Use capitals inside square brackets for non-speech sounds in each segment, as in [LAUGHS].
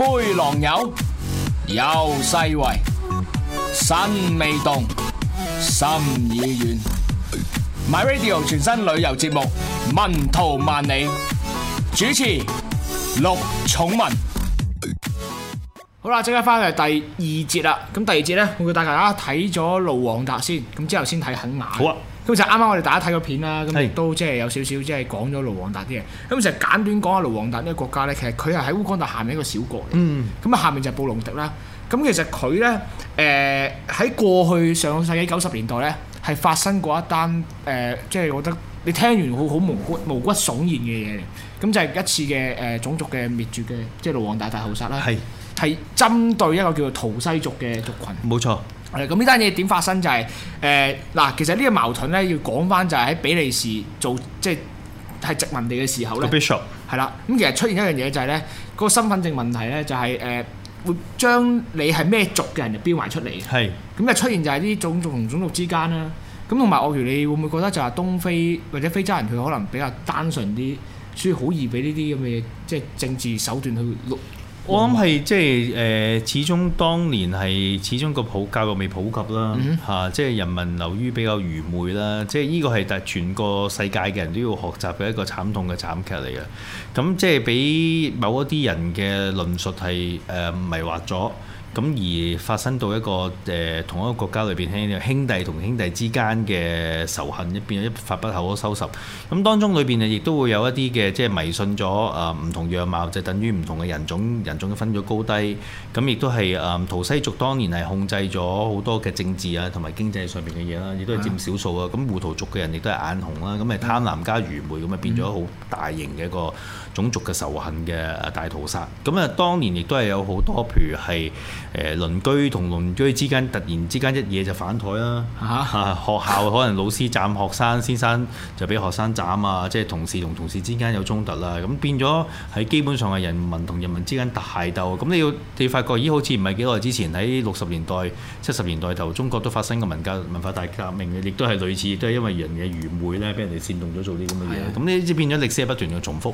杯狼友有世味，身未動，心已遠。My Radio 全新旅遊節目《文圖萬里》，主持陸寵文。好啦，即刻翻嚟第二節啦。咁第二節咧，我會帶大家睇咗盧旺達先，咁之後先睇肯雅。咁就啱啱我哋大家睇個片啦，咁亦都即係有少少即係講咗盧旺達啲嘢。咁成是簡短講下盧旺達呢個國家咧，其實佢係喺烏干達下面一個小國嚟。嗯，咁啊下面就係布隆迪啦。咁其實佢咧，誒喺過去上世紀九十年代咧，係發生過一單誒，即係我覺得你聽完好好毛骨毛骨悚然嘅嘢。咁就係一次嘅誒種族嘅滅絕嘅，即係盧旺達大屠殺啦。係係是針對一個叫做圖西族嘅族群。冇錯。係，咁呢單嘢點發生就係、是，誒、呃、嗱，其實呢個矛盾咧要講翻就係喺比利時做即係殖民地嘅時候咧，係啦 The Bishop.，咁其實出現一樣嘢就係、是、咧，嗰個身份證問題咧就係、是、誒、呃、會將你係咩族嘅人就標埋出嚟，係是，咁就出現就係呢種族同種族之間啦，咁同埋鱷魚你會唔會覺得就係東非或者非洲人佢可能比較單純啲，所以好易俾呢啲咁嘅即係政治手段去錄。我諗係即係誒，始終當年係始終個普教育未普及啦，嚇、mm hmm. 啊！即係人民流於比較愚昧啦，即係呢個係但係全個世界嘅人都要學習嘅一個慘痛嘅慘劇嚟嘅。咁、嗯、即係俾某一啲人嘅論述係誒、呃、迷惑咗。咁而發生到一個誒、呃、同一個國家裏邊兄兄弟同兄弟之間嘅仇恨，一變咗一發不可收拾。咁當中裏邊亦都會有一啲嘅即係迷信咗啊唔同樣貌，就是、等於唔同嘅人種，人種都分咗高低。咁亦都係啊圖西族當年係控制咗好多嘅政治啊同埋經濟上面嘅嘢啦，亦都係佔少數啊。咁、啊、胡圖族嘅人亦都係眼紅啦、啊，咁係、啊、貪婪加愚昧，咁啊變咗好大型嘅一個，嗯種族嘅仇恨嘅大屠殺，咁啊，當年亦都係有好多，譬如係誒鄰居同鄰居之間突然之間一嘢就反台啦，嚇、啊、學校可能老師斬學生，先生就俾學生斬啊，即係同事同同事之間有衝突啦，咁變咗喺基本上係人民同人民之間大鬥，咁你要你要發覺，咦，好似唔係幾耐之前喺六十年代、七十年代頭，中國都發生過文革、文化大革命嘅，亦都係類似，都係因為人嘅愚昧咧，俾人哋煽動咗做啲咁嘅嘢，咁呢啲變咗歷史係不斷嘅重複。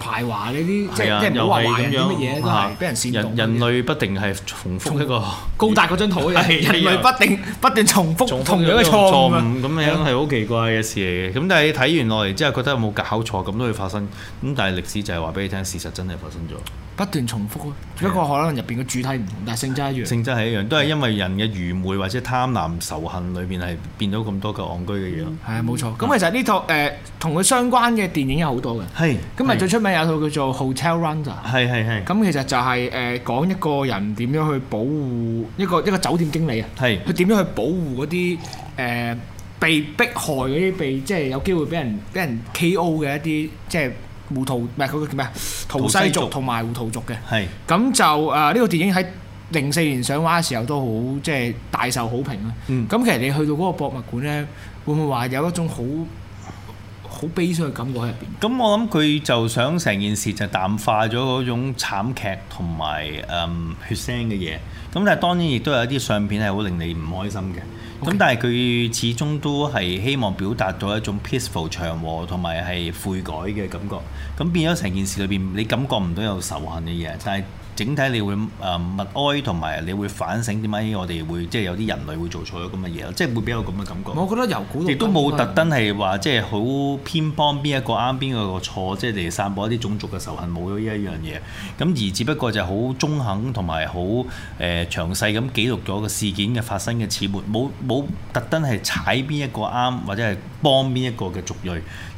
嗱，呢啲即係唔好話懷疑啲乜嘢，都係俾人煽動。人人類不定係重複一個高達嗰張圖，人類不定不斷重複同樣嘅錯誤，咁樣係好奇怪嘅事嚟嘅。咁但係睇完落嚟之後，覺得有冇搞錯咁都會發生。咁但係歷史就係話俾你聽，事實真係發生咗，不斷重複咯。不過可能入邊嘅主題唔同，但係性質一樣。性質係一樣，都係因為人嘅愚昧或者貪婪仇恨裏邊係變咗咁多嚿戇居嘅嘢。係啊，冇錯。咁其實呢套誒同佢相關嘅電影有好多嘅。係。咁咪最出名有套叫？做 Hotel Rwanda 啊，係係係。咁其實就係誒，講一個人點樣去保護一個一個酒店經理啊。係。佢點樣去保護嗰啲誒被迫害嗰啲，被即係有機會俾人俾人 K.O. 嘅一啲即係，胡圖唔係嗰個叫咩啊？圖西族同埋胡圖族嘅。係。咁就誒呢個電影喺零四年上畫嘅時候都好即係大受好評啦。嗯。咁其實你去到嗰個博物館咧，會唔會話有一種好？好悲傷嘅感覺喺入邊。咁我諗佢就想成件事就淡化咗嗰種慘劇同埋誒血腥嘅嘢。咁但係當然亦都有一啲相片係好令你唔開心嘅。咁 Okay. 但係佢始終都係希望表達到一種 peaceful 祥和同埋係悔改嘅感覺。咁變咗成件事裏邊，你感覺唔到有仇恨嘅嘢，但係。整體你會誒默哀同埋你會反省點解我哋會即係有啲人類會做錯咗咁嘅嘢，即係會比較咁嘅感覺。我覺得由古至今亦都冇特登係話即係好偏幫邊一個啱邊一個錯，即係嚟散播一啲種族嘅仇恨，冇咗呢一樣嘢。咁而只不過就好中肯同埋好誒詳細咁記錄咗個事件嘅發生嘅始末，冇冇特登係踩邊一個啱或者係，幫邊一個嘅族裔，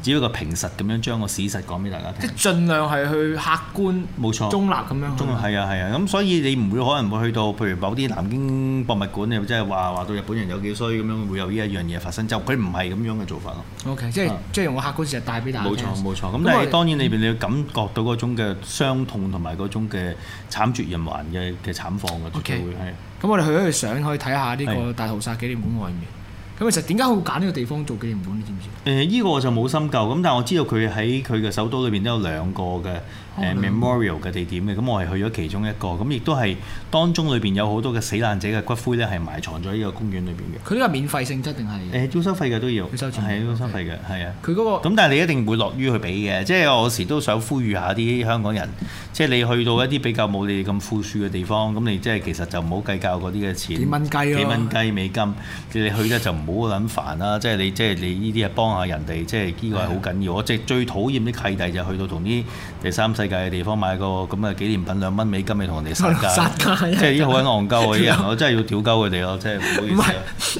只不過平實咁樣將個史實講俾大家聽，即係盡量係去客觀，冇錯，中立咁樣。中立係啊，係啊，咁所以你唔會可能會去到譬如某啲南京博物館，又即係話話到日本人有幾衰咁樣，會有呢一樣嘢發生，就佢唔係咁樣嘅做法咯。OK，即係即係用個客觀事實帶俾大家。冇錯冇錯，咁但係當然裏邊你要感覺到嗰種嘅傷痛同埋嗰種嘅慘絕人寰嘅嘅慘況嘅。OK，係。咁我哋去咗去相，去睇下呢個大屠殺紀念館外面。咁其實點解會揀呢個地方做紀念館？你知唔知？誒、呃，呢個我就冇深究，咁但係我知道佢喺佢嘅首都裏邊都有兩個嘅。memorial 嘅地點嘅，咁我係去咗其中一個，咁亦都係當中裏邊有好多嘅死難者嘅骨灰咧，係埋藏咗呢個公園裏邊嘅。佢呢個免費性質定係誒？要收費嘅都要。要收錢。係要收費嘅，係啊。佢嗰個。咁但係你一定會樂於去俾嘅，即係我時都想呼籲下啲香港人，即係你去到一啲比較冇你咁富庶嘅地方，咁你即係其實就唔好計較嗰啲嘅錢。幾蚊雞咯。幾蚊雞美金，你去得就唔好諗煩啦。即係你即係你呢啲係幫下人哋，即係呢個係好緊要。我即係最討厭啲契弟就去到同啲第三世。嘅地方買個咁嘅紀念品，兩蚊美金，咪同人哋殺價，即係啲好鬼戇鳩啲人，我真係要屌鳩佢哋咯，即係唔係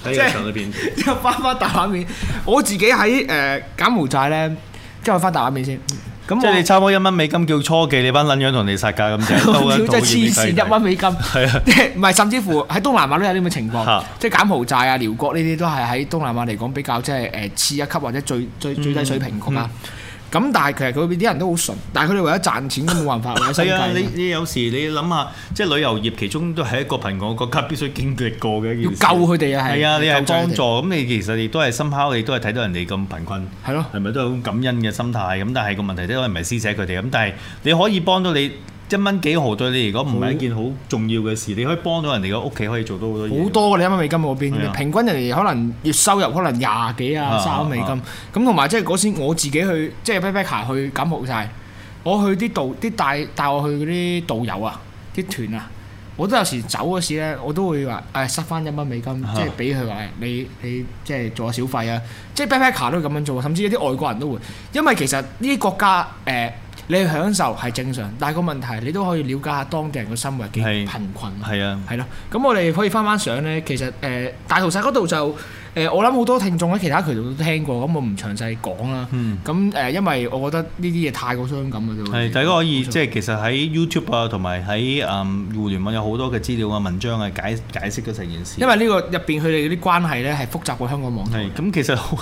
喺個場裏邊？即係翻翻大碗麵，我自己喺誒柬埔寨咧，即係翻大碗麵先。咁即係你差唔多一蚊美金叫初級，你班撚樣同你殺價咁就。屌，真係黐線，一蚊美金，係啊，即係唔係甚至乎喺東南亞都有呢咁嘅情況，即係柬埔寨啊、寮國呢啲都係喺東南亞嚟講比較即係誒次一級或者最最最低水平㗎嘛。咁但係其實佢邊啲人都好純，但係佢哋為咗賺錢都冇辦法，係啊！ [COUGHS] 你你有時你諗下，即係旅遊業，其中都係一個貧窮國家必須經歷過嘅一件事。要救佢哋啊！係啊！你有幫助咁，你其實亦都係深刻，你都係睇到人哋咁貧困。係咯的，係咪都係好感恩嘅心態？咁但係個問題都係唔係施捨佢哋咁，但係你可以幫到你。一蚊幾毫對你嚟講唔係一件好重要嘅事，你可以幫到人哋嘅屋企，可以做到好多嘢、啊。好多嘅一蚊美金嗰邊，是啊、平均人哋可能月收入可能廿幾啊，是啊三十美金。咁同埋即係嗰時我自己去，即係 p a p a l 去感冒晒我去啲導啲帶帶我去嗰啲導遊啊，啲團啊，我都有時走嗰時咧，我都會話誒塞翻一蚊美金，即係俾佢話誒你你即係做下小費啊。即係 p a p a l 都會咁樣做，甚至一啲外國人都會，因為其實呢啲國家誒。呃呃你享受係正常，但係個問題你都可以了解下當地人個生活嘅貧困，係啊，係咯。咁我哋可以翻翻相呢，其實誒、呃、大屠殺嗰度就。我諗好多聽眾喺其他渠道都聽過，咁我唔詳細講啦。咁誒、嗯，因為我覺得呢啲嘢太過傷感啊，就係大家可以即係其實喺 YouTube 啊，同埋喺誒互聯網有好多嘅資料啊、文章啊解解釋咗成件事。因為呢個入邊佢哋嗰啲關係咧係複雜過香港網。係咁，其實係好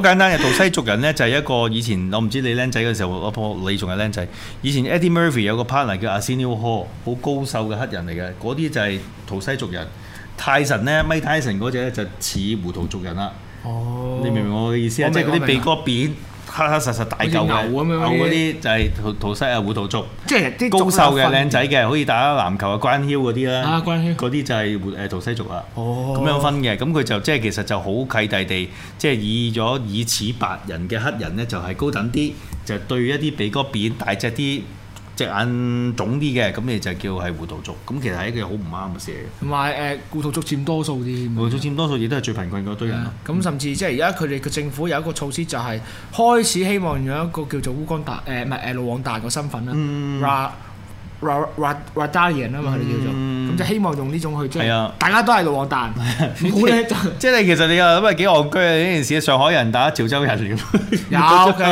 簡單嘅。圖西族人咧就係、是、一個以前我唔知你僆仔嗰陣時候，我怕你仲係僆仔。以前 Eddie Murphy 有個 partner 叫 Arsenio Hall，好高瘦嘅黑人嚟嘅，嗰啲就係圖西族人。泰臣咧，咪泰臣嗰隻咧就似胡圖族人啦。哦，你明唔明我嘅意思啊？即係嗰啲鼻哥扁、黑黑實實大嚿咁牛嗰啲就係圖西啊胡圖族。即係高瘦嘅靚仔嘅，可以打籃球啊關曉嗰啲啦。啊，關曉嗰啲、啊、就係胡誒圖西族啦。哦，咁樣分嘅，咁佢就即係其實就好契弟地，即、就、係、是、以咗以似白人嘅黑人咧，就係高等啲，就對一啲鼻哥扁大隻啲。隻眼腫啲嘅，咁你就叫係胡圖族。咁其實係一件好唔啱嘅事嚟嘅。同埋誒，胡圖族佔多數啲。胡圖族佔多數，亦都係最貧困嗰堆人咯。咁甚至即係而家佢哋嘅政府有一個措施，就係開始希望用一個叫做烏干達誒，唔係誒盧旺達個身份啦，Rah r a r a r a d a i a n 啊嘛，佢哋叫做。咁就希望用呢種去即係大家都係盧旺達。咁咧即係其實你又諗係幾戇居啊？呢件事上海人打潮州人點？有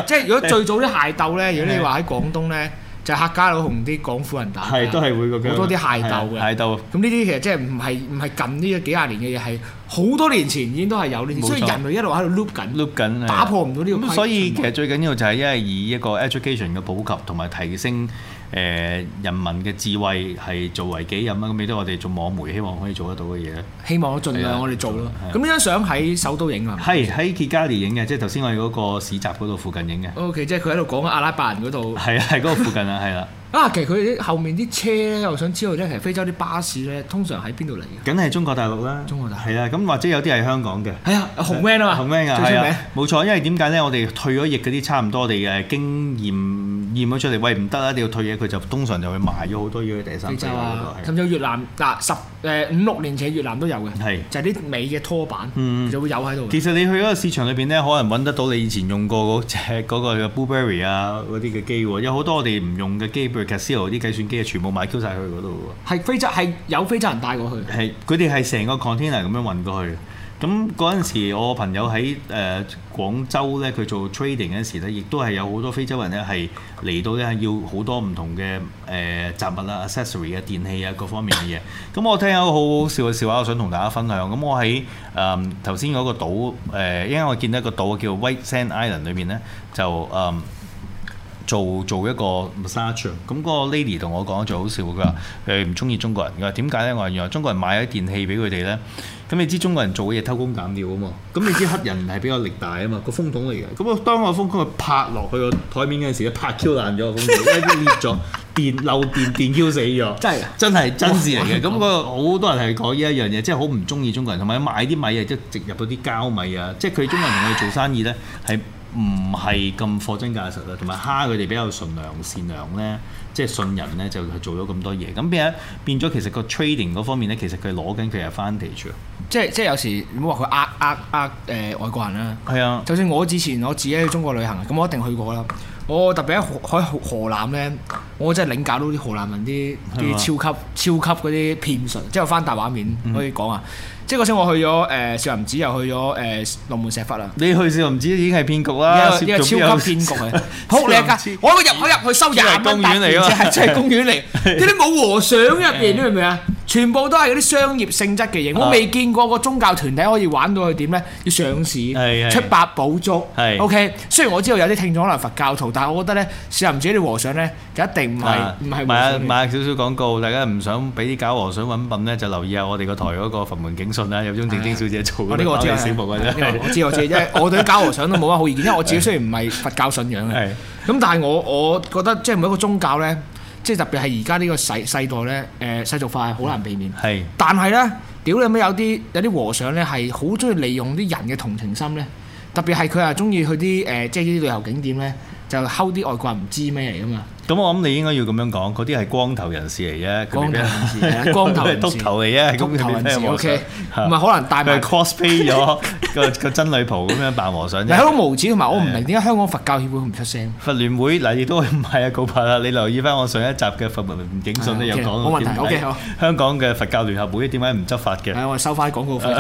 即係如果最早啲械鬥咧，如果你話喺廣東咧。就客家佬同啲廣府人打，係都係會個㗎，好多啲械鬥嘅。械鬥。咁呢啲其實即係唔係唔係近呢個幾廿年嘅嘢，係好多年前已經都係有呢，錯所以人類一路喺度 loop 緊，loop 緊，打破唔到呢個規。咁所以其實 [MUSIC] 最緊要就係因為以一個 education 嘅普及同埋提升。誒人民嘅智慧係做為己任啊！咁亦都我哋做網媒，希望可以做得到嘅嘢咧。希望盡量我哋做咯。咁呢張相喺首都影啊，咪？係喺 k 加利影嘅，即係頭先我哋嗰個市集嗰度附近影嘅。O K，即係佢喺度講阿拉伯人嗰度。係啊，係嗰個附近啊，係啦。啊，其實佢後面啲車咧，我想知道咧，其實非洲啲巴士咧，通常喺邊度嚟嘅？梗係中國大陸啦，中國大陸，係啊，咁或者有啲係香港嘅。係啊，紅 van 啊嘛，啊，冇錯，因為點解咧？我哋退咗役嗰啲，差唔多我哋誒經驗。驗咗出嚟，喂唔得啦，一定要退嘢。佢就通常就會賣咗好多嘢。啲第三手啦，甚至越南嗱十誒五六年前越南都有嘅，係是就啲美嘅拖板，嗯、就會有喺度。其實你去嗰個市場裏邊咧，可能揾得到你以前用過嗰隻嗰 Burberry 啊嗰啲嘅機喎。有好多我哋唔用嘅機，譬如 Casio 啲計算機啊，全部賣 Q 曬去嗰度喎。係非洲，係有非洲人帶過去，係佢哋係成個 container 咁樣運過去。咁嗰陣時，我朋友喺誒廣州咧，佢做 trading 嗰陣時咧，亦都係有好多非洲人咧，係嚟到咧係要好多唔同嘅誒雜物啊、accessory 啊、電器啊各方面嘅嘢。咁我聽一個好好笑嘅笑話，我想同大家分享。咁我喺誒頭先嗰個島誒，因為、呃、我見到一個島叫 White Sand Island 裏面咧，就誒。呃做做一個 massage，咁嗰個 lady 同我講最好笑佢㗎，佢唔中意中國人，佢話點解咧？我話原來中國人買咗電器俾佢哋咧，咁你知中國人做嘢偷工減料啊嘛，咁你知黑人係比較力大啊嘛，個風筒嚟嘅，咁啊當個風筒佢拍落去個台面嗰時咧，拍 Q 爛咗個風筒，一裂咗電漏電電 Q 死咗， [LAUGHS] 真係真係真事嚟嘅，咁嗰個好多人係講呢一樣嘢，即係好唔中意中國人，同埋買啲米啊，即係植入咗啲膠米啊，即係佢中國人同佢做生意咧係。唔係咁貨真價實啦，同埋蝦佢哋比較純良善良咧，即係信人咧就去做咗咁多嘢，咁變咗，變咗其實個 trading 嗰方面咧，其實佢攞緊佢係翻嚟住咯。即係即係有時唔好話佢呃呃呃誒外國人啦。係啊，就算我之前我自己去中國旅行，咁我一定去過啦。我特別喺喺河南咧，我真係領教到啲河南人啲啲超級、啊、超級嗰啲騙術，即係翻大畫面可以講啊。嗯即係嗰時我去咗誒少林寺，又去咗誒龍門石窟啦。你去少林寺已經係騙局啦，呢個超級騙局啊！好叻㗎，我都入，我入去收廿蚊。公園嚟喎，即係公園嚟。呢啲冇和尚入邊，你明唔明啊？全部都係嗰啲商業性質嘅嘢。我未見過個宗教團體可以玩到去點咧？要上市、出八寶粥。OK，雖然我知道有啲聽眾可能佛教徒，但係我覺得咧，少林寺啲和尚咧就一定唔係唔係。賣賣少少廣告，大家唔想俾啲假和尚揾笨咧，就留意下我哋個台嗰個佛門景。有種正經小姐做，啊，我呢個知有小目嘅，因為我知我，我知，因為我對啲假和尚都冇乜好意見，因為我自己雖然唔係佛教信仰嘅，咁是的 但係我我覺得即係每一個宗教咧，即係特別係而家呢個世世代咧誒世俗化係好難避免。係是的，但係咧，屌你咩，有啲有啲和尚咧係好中意利用啲人嘅同情心咧，特別係佢啊中意去啲誒即係呢啲旅遊景點咧，就溝啲外國人唔知咩嚟㗎嘛。咁我諗你應該要咁樣講，嗰啲係光頭人士嚟啫，光頭人士，光頭督頭嚟啫，OK，唔係可能戴埋 cosplay 咗個個真女僕咁樣扮和尚啫。係好無恥，同埋我唔明點解香港佛教協會唔出聲？佛聯會嗱亦都唔係啊告白啦，你留意翻我上一集嘅佛門警訊都有講，冇問題。OK，好。香港嘅佛教聯合會點解唔執法嘅？係我收翻廣告費。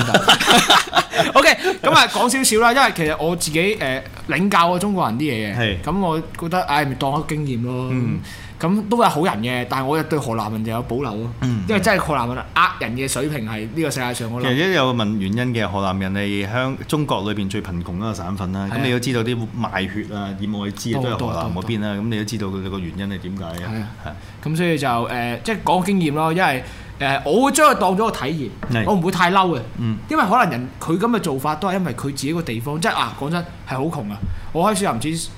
OK，咁，啊，講少少啦，因為其實我自己誒領教過中國人啲嘢嘅，咁我覺得唉，咪當一個經驗咯。嗯，咁都係好人嘅，但係我又對河南人就有保留咯。嗯、因為真係河南人呃人嘅水平係呢個世界上，我其實有一個原因嘅，河南人係喺中國裏邊最貧窮一個省份啦。咁、啊、你都知道啲賣血啊、染艾滋啊都係河南嗰邊啦。咁你都知道佢個原因係點解啊？係咁、啊、所以就誒，即係講經驗咯，因為誒，我會將佢當咗個體驗，啊、我唔會太嬲嘅。嗯、因為可能人佢咁嘅做法都係因為佢自己個地方，即係啊，講、啊、真係好窮啊。我開始又唔知。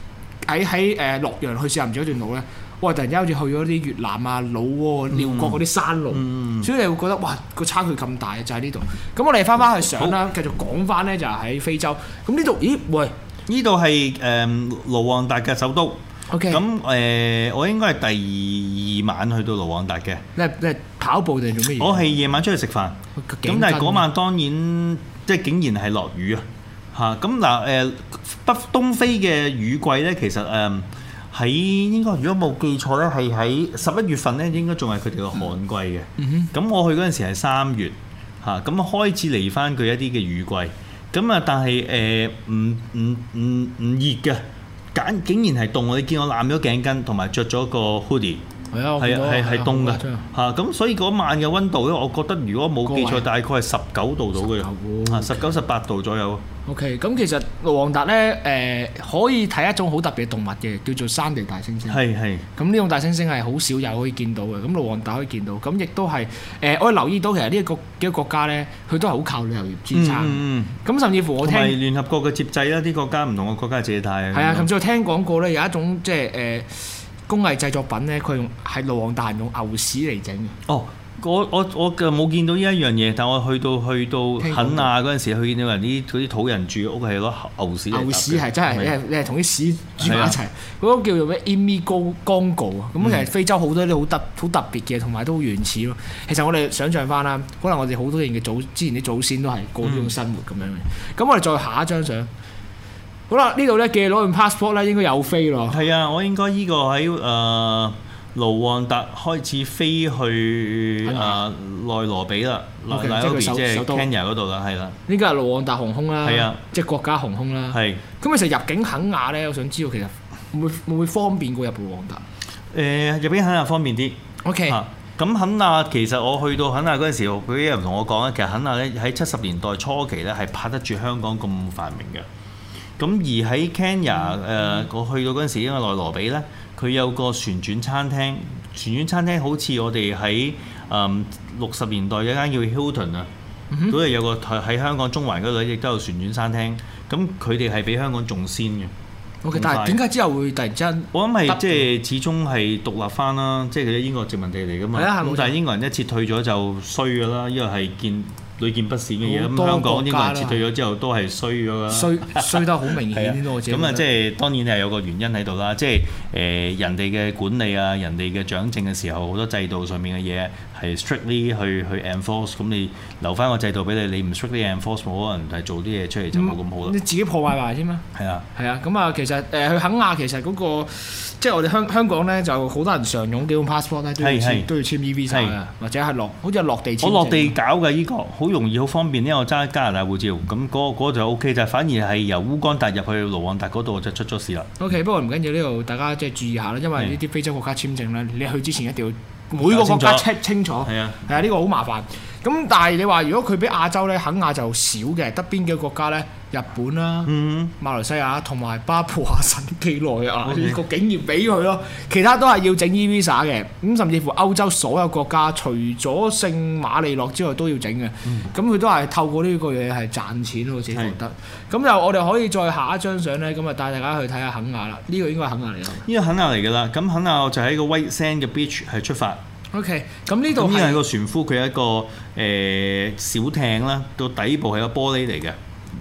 喺喺誒洛陽去試行咗一段路咧，哇！突然之間好似去咗啲越南啊、老撾、啊、寮國嗰啲山路，嗯嗯、所以你會覺得哇，個差距咁大就喺呢度。咁我哋翻翻去上啦，好繼續講翻咧就喺、是、非洲。咁呢度咦？喂，呢度係誒盧旺達嘅首都。O Okay , K。咁、呃、誒，我應該係第二晚去到盧旺達嘅。即係即係跑步定做咩？我係夜晚出去食飯。咁但係嗰晚當然即係竟然係落雨啊！嚇，咁嗱誒北東非嘅雨季咧，其實誒喺應該，如果冇記錯咧，係喺十一月份咧，應該仲係佢哋嘅旱季嘅。咁我去嗰陣時係三月，嚇，咁開始嚟翻佢一啲嘅雨季。咁啊，但係誒唔唔唔唔熱嘅，簡竟然係凍。我哋見我攬咗頸巾，同埋着咗個 hoodie。係啊，係啊，係係凍嘅嚇，咁所以嗰晚嘅溫度咧，我覺得如果冇記錯，大概係十九度到嘅，啊十九十八度左右。OK，咁其實盧旺達咧，誒可以睇一種好特別嘅動物嘅，叫做山地大猩猩。係係。咁呢種大猩猩係好少有可以見到嘅，咁盧旺達可以見到，咁亦都係誒我留意到，其實呢一個幾個國家咧，佢都係好靠旅遊業支撐。嗯。咁甚至乎我聽聯合國嘅接濟啦，啲國家唔同嘅國家借貸。係啊，甚至我聽講過咧，有一種即係誒。工藝製作品咧，佢用係盧旺達人用牛屎嚟整嘅。哦、oh,，我我我冇見到呢一樣嘢，但我去到去到肯亞嗰陣時，去見到人啲啲土人住屋係攞牛屎。牛屎係真係嗎，你係同啲屎住埋一齊。嗰個嗎叫做咩？Imigongo 啊！咁誒，非洲好多啲好特好特別嘅，同埋都好原始咯。其實我哋想象翻啦，可能我哋好多人嘅祖之前啲祖先都係過呢種生活咁樣嘅。咁、嗯、我哋再下一張相。好啦，呢度咧嘅攞完 passport 咧，應該有飛咯。係啊，我應該呢個喺誒、呃、盧旺達開始飛去誒、嗯啊、內羅比啦，okay, 比即係 Kenya 嗰度啦，係啦。呢個係盧旺達航空啦，係啊，即係國家航空啦。係是。咁、嗯、其實入境肯亞咧，我想知道其實會會唔會,會方便過入盧旺達？誒、呃，入境肯亞方便啲。O Okay . K、啊。咁肯亞其實我去到肯亞嗰陣時候，佢啲人同我講咧，其實肯亞咧喺七十年代初期咧係拍得住香港咁繁榮嘅。咁而喺 Kenya 誒、呃，我去到嗰陣時，因為內羅比咧，佢有個旋轉餐廳。旋轉餐廳好似我哋喺誒六十年代有一間叫 Hilton 啊、嗯哼，嗰度有個台，喺香港中環嗰度亦都有旋轉餐廳。咁佢哋係比香港仲先嘅。Okay, 慨但係點解之後會突然之間？我諗係即係始終係獨立翻啦，即係佢哋英國殖民地嚟㗎嘛。咁但係英國人一撤退咗就衰㗎啦，因為係見屢見不鮮嘅嘢咁。香港英國人撤退咗之後都係衰咗啦，衰，衰得好明顯啲咁啊，即係 [LAUGHS] 的、就是、當然係有個原因喺度啦，即係誒人哋嘅管理啊，人哋嘅掌政嘅時候好多制度上面嘅嘢。係 strictly 去去 enforce，咁你留翻個制度俾你，你唔 strictly enforce，冇可能係做啲嘢出嚟就冇咁好啦、嗯。你自己破壞埋先嘛？係啊，係啊。咁啊，其實誒、呃、去肯雅其實嗰、嗰個，即係我哋香香港咧，就好多人常用幾種 passport 咧都，係都要簽 Evisa 嘅，或者係落好似係落地簽我落地搞嘅，依、依個好容易好方便，因為我揸加拿大護照，咁嗰，嗰就 OK，就反而係由烏干達入去盧旺達嗰度就出咗事啦。OK，不過唔緊要，呢度大家即係注意下啦，因為呢啲非洲國家簽證咧，你去之前一定要。每個國家 check 清楚，係啊，係啊，呢個好麻煩。咁但係你話如果佢比亞洲咧，肯亞就少嘅，得邊幾個國家咧？日本啦、啊、mm hmm。馬來西亞同埋巴布亞新幾內亞個景業俾佢咯，其他都係要整 E-Visa 嘅。咁、嗯、甚至乎歐洲所有國家除咗聖馬利諾之外都要整嘅。咁佢、mm hmm。都係透過呢個嘢係賺錢咯，我自己覺得。咁是就我哋可以再下一張相咧，咁啊帶大家去睇下肯亞啦。呢、呢個應該係肯亞嚟啦。呢個肯亞嚟㗎啦。咁肯亞我就喺個 White Sand 嘅 beach 係出發。O.K. 咁呢度係個船夫，佢係一個誒、呃、小艇啦，到底部係個玻璃嚟嘅。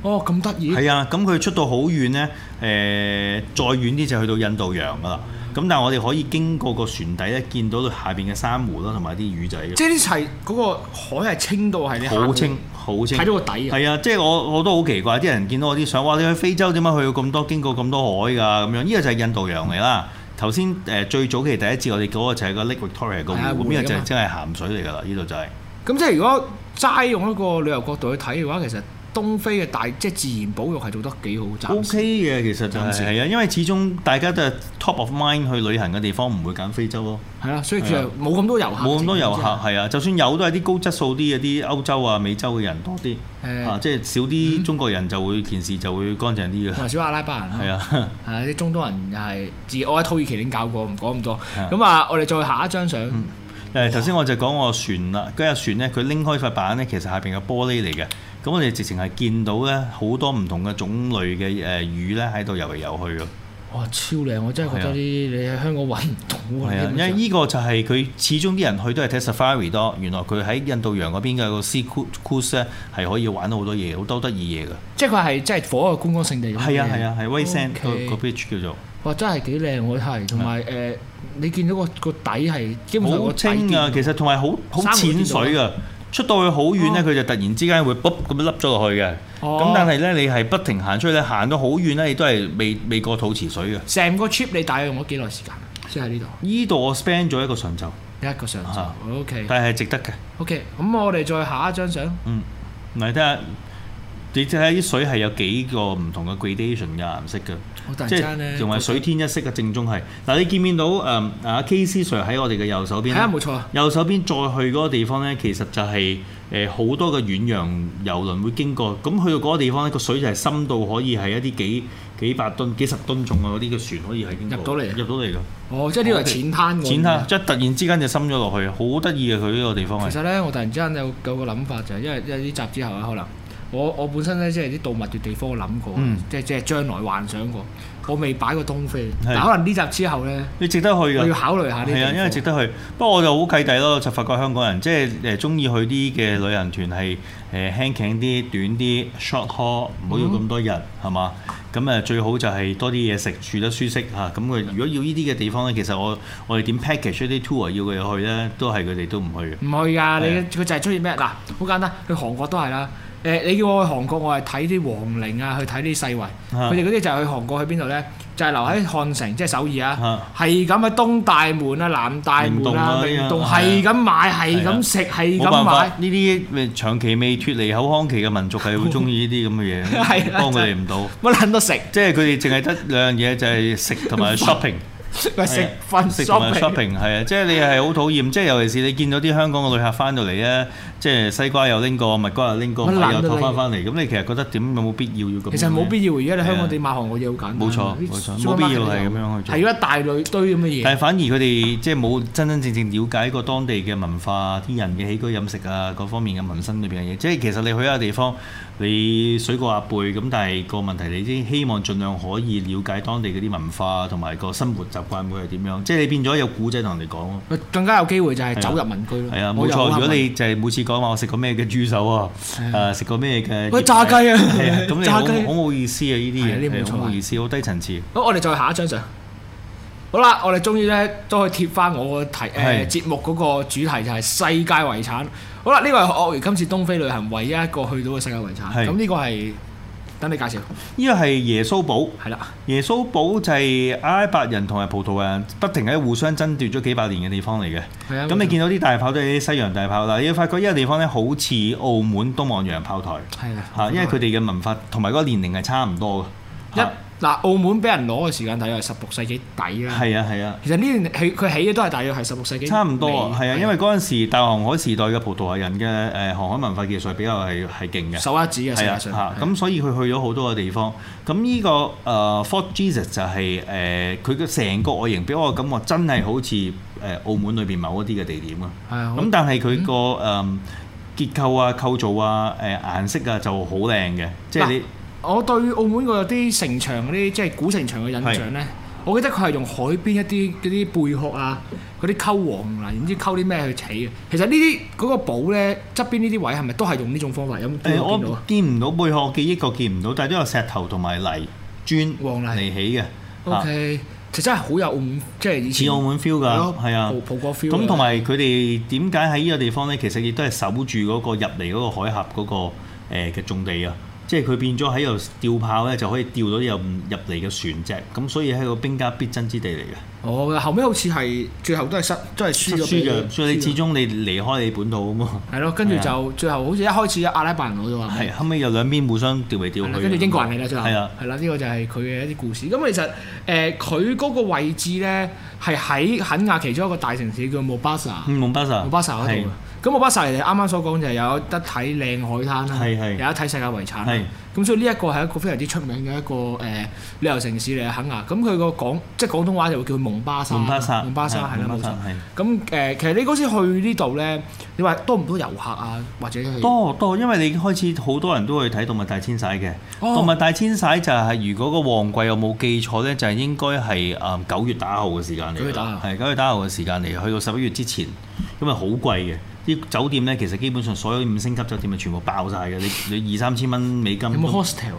哦，咁得意！係啊，咁佢出到好遠咧，誒、呃、再遠啲就去到印度洋噶啦。咁但係我哋可以經過個船底咧，見到下邊嘅珊瑚啦，同埋啲魚仔。即係呢係嗰個海係清到係你好清好清，睇到個底。係啊，即、就、係、是、我我都好奇怪，啲人見到我啲相，哇！你去非洲點解去到咁多，經過咁多海㗎、啊？咁樣呢個就係印度洋嚟啦。頭先誒最早期第一次我哋嗰個就係個 Lake Victoria 嘅湖，呢個、啊、就真係鹹水嚟㗎啦，呢度就係。咁即係如果齋用一個旅遊角度去睇嘅話，其實。東非嘅大即係自然保育係做得幾好，暫時 O K 嘅，其實暫時係啊，因為始終大家都係 top of mind 去旅行嘅地方，唔會揀非洲咯。係啊，所以其實冇咁多遊客，冇咁多遊客係啊。就算有，都係啲高質素啲嘅啲歐洲啊、美洲嘅人多啲，啊即係少啲中國人就會件事就會乾淨啲嘅。同埋少阿拉伯人，係啊，係啲中東人係自我喺土耳其領教過，唔講咁多。咁啊，我哋再下一張相。誒頭先我就講我船、嗰個船啦，嗰日船咧佢拎開塊板咧，其實下邊嘅玻璃嚟嘅。咁我哋直情係見到咧好多唔同嘅種類嘅誒魚咧喺度游嚟游去咯。哇！超靚，我真係覺得啲、啊、你喺香港玩唔到。係啊，啊因為呢個就係、係、佢始終啲人去都係睇 Safari 多。原來佢喺印度洋嗰邊嘅個 Sea Cruise 咧係可以玩到好多嘢，好多得意嘢㗎。即係佢係即係火嘅觀光勝地。係啊係啊，係 Western 嗰嗰批主角。哇、哦！真係幾靚，我係同埋誒，你見到個個底係基本上好清㗎，其實同埋好好淺水㗎。到出到去好遠咧，佢、哦、就突然之間會卜咁樣凹咗落去嘅。咁、哦、但係咧，你係不停行出去，咧，行到好遠咧，你都係未未過肚臍水㗎。成個 trip 你大概用咗幾耐時間即係呢度？呢、就、度、是、我 spend 咗一個上晝，一個上晝，OK。啊、okay 但係係值得嘅。OK，咁我哋再下一張相。嗯，嚟睇下，你睇下啲水係有幾個唔同嘅 gradation 嘅顏色嘅。即係，仲係水天一色嘅正宗係。嗱，你見唔見到誒阿 K C sir 喺我哋嘅右手邊？係啊，冇錯右手邊再去嗰個地方咧，其實就係誒好多嘅遠洋遊輪會經過。咁去到嗰個地方咧，個水就係深到可以係一啲幾幾百噸、幾十噸重啊嗰啲嘅船可以經過入到嚟？入到嚟㗎。哦，即係呢個係淺灘喎。淺灘，淺灘，即係突然之間就深咗落去，好得意嘅。佢呢個地方其實咧，我突然之間有有個諗法，就係、是、因為因為呢集之後啊，可能。我我本身咧，即係啲動物嘅地方，我諗過，即係即係將來幻想過。我未擺過東非是，可能呢集之後咧，你值得去嘅。我要考慮下啲係啊，因為值得去。不過我就好計底咯，就發覺香港人即係誒中意去啲嘅旅行團係誒輕頸啲、短啲、short haul 唔好要咁多日係嘛？咁啊，最好就係多啲嘢食，住得舒適嚇。咁、啊、佢如果要呢啲嘅地方咧，其實我我哋點 package 出啲 tour 要佢哋去咧，都係佢哋都唔去嘅。唔去㗎，你佢就係中意咩？嗱夢、啊，好簡單，去韓國都係啦。誒，你叫我去韓國，我係睇啲皇陵啊，去睇啲世遺。佢哋嗰啲就係去韓國去邊度咧？就係留喺漢城，即係首爾啊。係咁啊，東大門啊，南大門啊，係咁買，係咁食，係咁買。呢啲未長期未脫離口腔期嘅民族係好中意呢啲咁嘅嘢，幫佢哋唔到。乜撚都食，即係佢哋淨係得兩樣嘢，就係食同埋 shopping。食、食同埋 shopping 係啊，即係你係好討厭，即係尤其是你見到啲香港嘅旅客翻到嚟咧。即係西瓜又拎過，蜜瓜又拎過，又攞翻翻嚟。咁你其實覺得點有冇必要要咁？其實冇必要。而家你香港地買韓國嘢好簡單。冇錯，冇必要係咁樣去做。係一大類堆咁嘅嘢。但係反而佢哋即係冇真真正正瞭解過當地嘅文化、啲人嘅起居飲食啊、各方面嘅民生裏邊嘅嘢。即係其實你去一個地方，你水過鴨背咁，但係個問題你先希望儘量可以瞭解當地嗰啲文化同埋個生活習慣會係點樣。即係你變咗有古仔同人哋講咯。更加有機會就係走入民居咯。係啊，冇錯。如果你就係每次。講話我食過咩嘅豬手啊？誒，食過咩嘅？炸雞啊！係啊，咁雞好唔好意思啊？呢啲嘢係唔好意思，好低層次。好，我哋再下一張相。好啦，我哋終於咧都可以貼翻我個題誒的、呃、節目嗰個主題就係世界遺產。好啦，呢個係鱷魚今次東非旅行唯一一個去到嘅世界遺產。咁呢的個係。等你介紹，呢個係耶穌堡，係啦的，耶穌堡就係阿拉伯人同埋葡萄牙人不停喺互相爭奪咗幾百年嘅地方嚟嘅。咁的你見到啲大炮都係啲西洋大炮，嗱，你發覺呢個地方咧好似澳門東望洋炮台，係啦的，因為佢哋嘅文化同埋嗰個年齡係差唔多嘅。的嗱，澳門俾人攞嘅時間大概係十六世紀底啊，係啊係啊。其實呢段佢起嘅都係大約係十六世紀底差，差唔多啊，係啊。因為嗰陣時大航海時代嘅葡萄牙人嘅誒航海文化技術比較係係勁嘅，手一指嘅事。嚇、啊，咁所以佢去咗好多個地方。咁呢、呢個誒 Fort Jesus 就係誒佢嘅成個外形俾我感覺真係好似誒澳門裏邊某一啲嘅地點啊。咁、嗯、但係佢個誒結構啊、構造啊、誒顏色啊就好靚嘅，即係你。我對澳門嗰啲城牆嗰啲即係古城牆嘅印象咧，我記得佢係用海邊一啲嗰啲貝殼啊、嗰啲溝黃泥，唔知溝啲咩去起嘅。其實呢啲嗰個堡咧側邊呢啲位係咪都係用呢種方法，有冇見到？見唔到貝殼，見一個見唔到，但係都有石頭同埋泥磚黃泥嚟起嘅。O K，其實真係好有澳即係以前，似澳門 feel 㗎，係啊，葡葡國 feel。咁同埋佢哋點解喺呢個地方咧？其實亦都係守住嗰個入嚟嗰個海峽嗰個誒嘅種地啊。即係佢變咗喺度調炮咧，就可以調到有入嚟嘅船隻，咁所以係個兵家必爭之地嚟嘅。哦，後尾好似係最後都係失，都係輸輸嘅。所以你始終你離開你本土啊嘛。係咯的，跟住就最後好似一開始阿拉伯人攞咗啊。係後尾又兩邊互相調嚟調去。跟住英國人嚟啦最後。係係啦，呢、呢個就係佢嘅一啲故事。咁其實誒，佢、呃、嗰個位置咧係喺肯雅其中一個大城市叫蒙巴莎。係蒙巴莎。蒙巴莎嗰度。嗯嗯嗯嗯。咁蒙巴沙嚟，啱啱所講就係有得睇靚海灘啦，有得睇世界遺產。咁所以呢一個係一個非常之出名嘅一個誒旅遊城市嚟肯雅！咁佢個廣即係廣東話就會叫蒙巴沙。蒙巴沙，蒙巴沙係啦，冇錯咁誒，其實你嗰次去呢度咧，你話多唔多遊客啊？或者多多，因為你開始好多人都會睇動物大遷徙嘅。動物大遷徙就係如果個旺季，有冇記錯咧，就係應該係誒九月打後嘅時間嚟。九月打後係九月打後嘅時間嚟，去到十一月之前，咁啊好貴嘅。啲酒店咧，其實基本上所有五星級酒店咪全部爆晒嘅。 [LAUGHS] 你你二三千蚊美金，有冇 hostel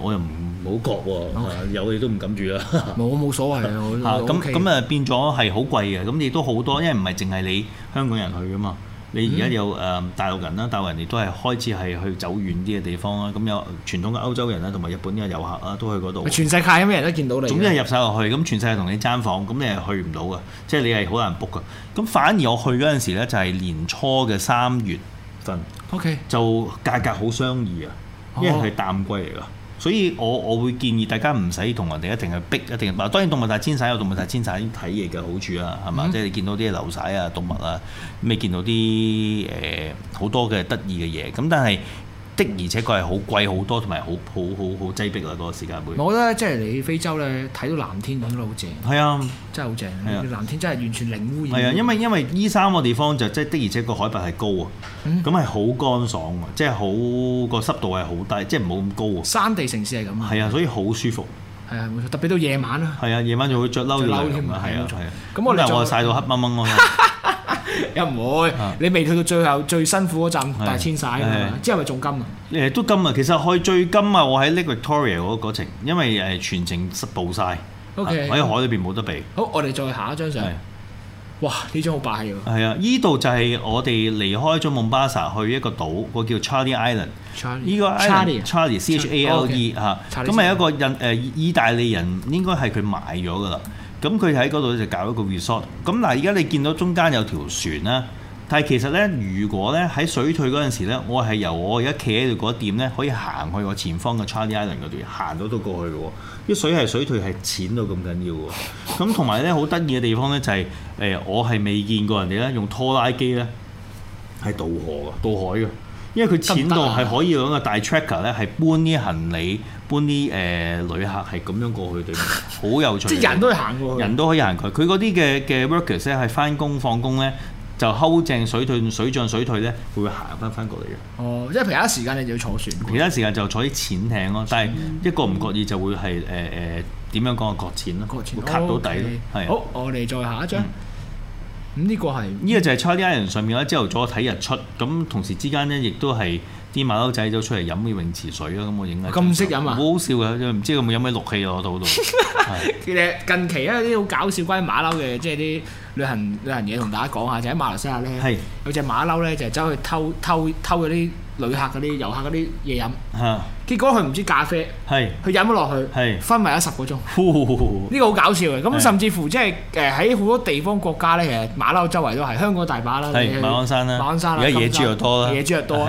我又唔冇覺喎、啊 Okay. 啊，有我都唔敢住啦、啊 Okay. 啊。我冇所謂咁，咁啊，變咗係好貴嘅。咁亦都好多，因為唔係淨係你香港人去噶嘛。你而家有誒大陸人啦，大陸人哋都係開始係去走遠啲嘅地方啦。咁有傳統嘅歐洲人啦，同埋日本啲遊客啦，都去嗰度。全世界咩人都見到你。總之係入曬落去，咁全世界同你爭房，咁你係去唔到嘅，即係你係好難 book 嘅。咁反而我去嗰陣時咧，就係年初嘅三月份，Okay. 就價格好相宜啊，因為係淡季嚟㗎。所以我，我會建議大家唔使同人哋一定係逼，一定，嗱，當然動物大遷徙有動物大遷徙睇嘢嘅好處啊，係嘛？嗯、即係你見到啲流徙啊、動物啊，你見到啲誒好多嘅得意嘅嘢，咁但係。的而且確係好貴好多，同埋好好好好擠迫啊！嗰個時間表。我覺得即係你非洲咧，睇到藍天都好正。係啊，真係好正，啲藍天真係完全零污染。係啊，因為因為依三個地方就即係的而且個海拔係高啊，咁係好乾爽啊，即係好個濕度係好低，即係唔好咁高啊。山地城市係咁啊。係啊，所以好舒服。係啊，特別到夜晚啊。係啊，夜晚就會着褸㗎啊，係啊，咁我哋曬到黑濛濛㗎。又唔會，你未去到最後最辛苦嗰陣，大遷徙啊嘛，之後咪仲金啊？誒都金啊，其實去最金啊！我喺 Lake Victoria 嗰嗰程，因為誒全程曝曬，Okay，喺海裏邊冇得避。好，我哋再下一張相。哇！呢張好霸氣喎。係啊，依度就係我哋離開咗蒙巴莎去一個島，個叫 Charlie Island。依個 Charlie，Charlie C H A L E 嚇。咁係一個印誒意大利人，應該係佢買咗噶啦。咁佢喺嗰度就搞一個 resort。咁嗱，而家你見到中間有條船啦，但係其實咧，如果咧喺水退嗰陣時咧，我係由我而家企喺度嗰點咧，可以行去我前方嘅 Charlie Island 嗰度，行到都過去嘅喎。啲水係水退係淺到咁緊要喎。咁同埋咧好得意嘅地方咧就係、是、誒，我係未見過人哋咧用拖拉機咧係渡河嘅、渡海嘅，因為佢淺度係可以揾個大 tractor、er、咧係搬啲行李。般啲誒旅客係咁樣過去對面，好 [LAUGHS] 有趣。即係人都可行過，人都可以行過去。佢嗰啲嘅嘅 workers 咧，係翻工放工咧，就睺正水退水漲水退咧，會行翻翻過嚟嘅。哦，即係其他時間你就要坐船。其他時間就坐啲淺艇咯，嗯、但係一個唔覺意就會係誒誒點樣講啊？擱淺咯，擱淺。會卡到底咯，係 okay, 的。好，我哋再下一張。呢個係呢個就係 Chilean 上面啦，之後再睇日出。咁同時之間咧，亦都係。啲馬騮仔走出嚟飲啲泳池水咯，咁我影下。佢唔識飲啊！好好笑嘅，因為唔知佢有冇飲咩氯氣落到度。其實近期咧，有啲好搞笑關於馬騮嘅，即係啲旅行旅行嘢同大家講下，就喺馬來西亞咧，有隻馬騮咧就走去偷偷偷嗰啲旅客嗰啲遊客啲嘢飲。嚇！結果佢唔知咖啡，係佢飲咗落去，係昏迷咗十個鐘。呢個好搞笑嘅，咁甚至乎即係誒喺好多地方國家咧，其實馬騮周圍都係，香港大把啦，馬鞍山啦，馬鞍山，而家野豬又多啦，野豬又多。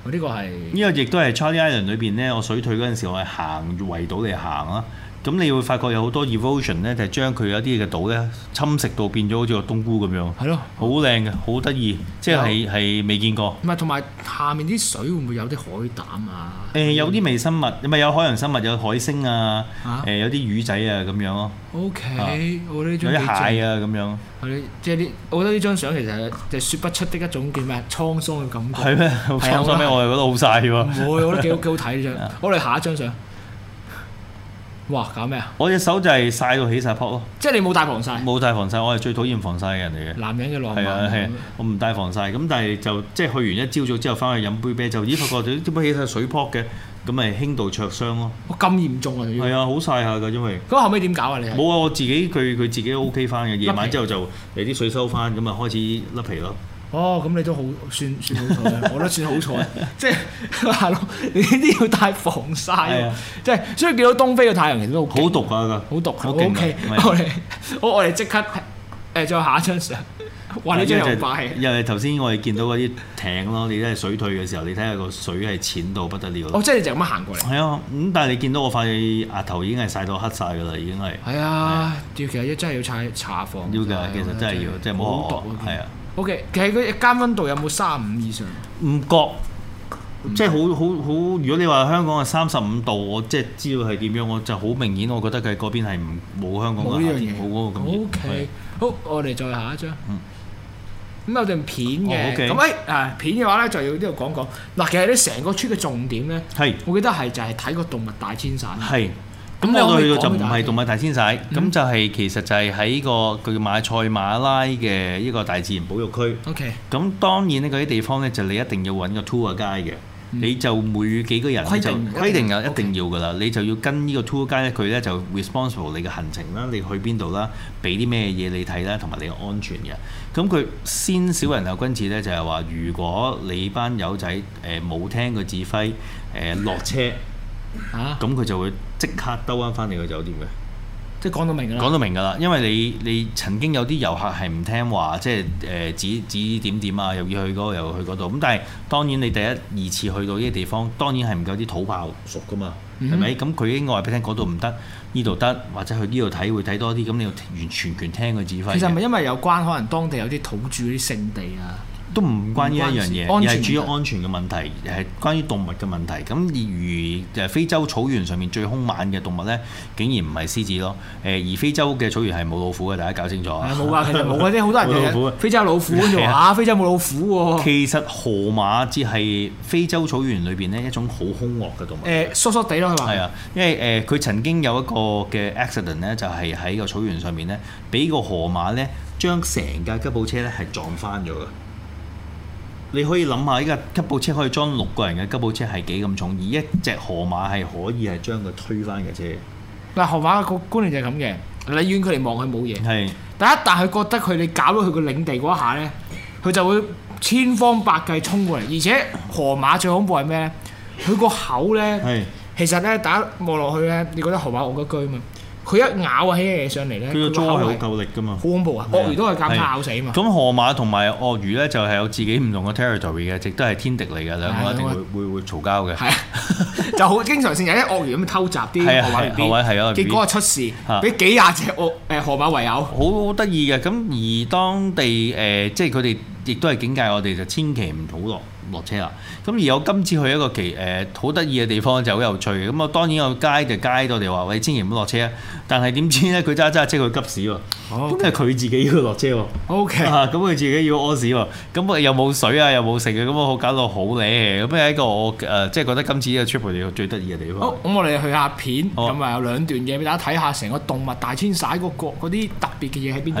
個個呢個係呢個亦都係 Charlie Island 裏邊咧，我水退嗰陣時我，我係行圍島嚟行啊。咁你會發覺有好多 evolution 咧，就係將佢有啲嘅島咧侵蝕到變咗好似個冬菇咁樣。係咯，好靚嘅，好得意，即係係未見過。唔係，同埋下面啲水會唔會有啲海膽啊？誒，有啲微生物，唔係有海洋生物，有海星啊，誒，有啲魚仔啊咁樣咯。O K，我呢張幾有啲蟹啊咁樣。即係啲，我覺得呢張相其實就係説不出的一種叫咩？滄桑嘅感覺。係咩？滄桑咩？我係覺得好晒喎。我覺得幾好幾好睇啫。我哋下一張相。哇！搞咩啊？我隻手就係晒到起晒泡咯！即係你冇帶防曬？冇帶防曬，我係最討厭防曬嘅人嚟嘅。男人嘅浪漫係啊，係啊麼我唔帶防曬。咁但係就即係去完一朝早之後，翻去飲杯啤酒，咦？發覺點解起晒水泡嘅？咁咪 [LAUGHS] 輕度灼傷咯。哦，哇！咁嚴重啊！係啊，好晒下嘅，因為咁後尾點搞啊？你冇啊！我自己佢佢自己 O K 翻嘅。夜晚之後就誒啲水收翻，咁咪開始甩皮咯。哦，咁你都好，算算好彩，我都算好彩，即係係咯，你呢啲要帶防曬，即係所以見到東非嘅太陽其實都好，好毒啊！噶好毒，OK，我哋好，我哋即刻誒，再下一張相，哇！你真係快，因為頭先我哋見到嗰啲艇咯，你睇水退嘅時候，你睇下個水係淺到不得了，哦！即係就咁行過嚟，係啊，咁但係你見到我塊額頭已經係晒到黑晒噶啦，已經係係啊，要其實真係要搽防。要㗎，其實真係要，即係冇學，係啊。O K，其實佢一間溫度有冇三五以上？唔覺，即係好好好。如果你話香港係三十五度，我即係知道係點樣，我就好明顯。我覺得佢嗰邊係唔冇香港嗰樣嘢冇嗰個咁熱。O K，好，我哋再下一張。咁有段片嘅咁誒誒片嘅話咧，就要呢度講講嗱。其實你成個圖嘅重點咧，係我記得係就係睇個動物大遷徙。係。咁我哋去到 [MUSIC] 就唔係動物大遷徙，咁、嗯、就係其實就係喺個佢馬賽馬拉嘅一個大自然保育區。O K. 咁當然呢嗰啲地方呢，就你一定要揾個 tour guide 嘅，嗯、你就每幾個人就規定規定啊，一定，定，一定要噶啦，Okay. 你就要跟呢個 tour guide 佢呢就 responsible 你嘅行程啦，你去邊度啦，俾啲咩嘢你睇啦，同埋你嘅安全嘅。咁佢先小人後君子呢就係話如果你班友仔誒冇聽佢指揮誒落、嗯、車。嚇！咁佢、啊、就會即刻兜翻翻嚟個酒店嘅，即係講到明啦。講到明㗎啦，因為你你曾經有啲遊客係唔聽話，即係誒、呃、指,指指點點啊，又要去嗰、那個，又去嗰度。咁但係當然你第一二次去到呢啲地方，當然係唔夠啲土炮熟㗎嘛，係咪、嗯？咁佢已經話俾你聽，嗰度唔得，呢度得，或者去呢度睇會睇多啲。咁你要完全全權聽佢指揮。其實係咪因為有關可能當地有啲土著啲聖地啊。都唔關於一樣嘢，係主要安全嘅問題，係關於動物嘅問題。咁例如誒非洲草原上面最兇猛嘅動物咧，竟然唔係獅子咯。誒而非洲嘅草原係冇老虎嘅，大家搞清楚冇啊，啊，其實冇啊，啲好 [LAUGHS] 多人誒。非洲老虎喎、啊、非洲冇老虎喎、啊。其實河馬只係非洲草原裏邊咧一種好兇惡嘅動物。誒、欸，索索地咯，係嘛？係啊，因為誒佢、呃、曾經有一個嘅 accident 咧，就係喺個草原上面咧，俾個河馬咧將成架吉普車咧係撞翻咗嘅。你可以諗下，依架吉普車可以裝六個人嘅吉普車係幾咁重，而一隻河馬係可以係將佢推翻嘅啫。但，河馬個觀念就係咁嘅，你遠距離望佢冇嘢，但一但佢覺得佢哋搞到佢個領地嗰一下咧，佢就會千方百計衝過嚟，而且河馬最恐怖係咩咧？佢個口咧，其實咧大家望落去咧，你覺得河馬惡不惡啊？佢一咬啊，起嘢上嚟咧，佢個爪係好夠力噶嘛，好恐怖啊！鱷魚都係夾硬咬死啊嘛。咁河馬同埋鱷魚咧，就係有自己唔同嘅 territory 嘅，亦都係天敵嚟嘅，兩個一定會會會嘈交嘅。係就好經常性有啲鱷魚咁偷襲啲河馬入邊，結果出事俾幾廿隻誒河馬圍毆。好得意嘅，咁而當地誒即係佢哋亦都係警戒，我哋就千祈唔好落。落車啦，咁而我今次去一個其誒好得意嘅地方，就好有趣咁啊，當然有街就街到我哋話喂，千祈唔好落車啊！但係點知咧，佢揸揸車去急屎喎，本嚟佢自己要落車喎、哦，OK，咁佢、啊，自己要屙屎喎，咁啊又冇水啊，又冇食嘅、啊，咁我好搞到好咧，咁係一個我誒、呃、即係覺得今次呢個 trip 嚟到最得意嘅地方。咁、哦，我哋去下片，咁啊有兩段嘢俾大家睇下，成個動物大遷徙個國嗰啲特別嘅嘢喺邊度。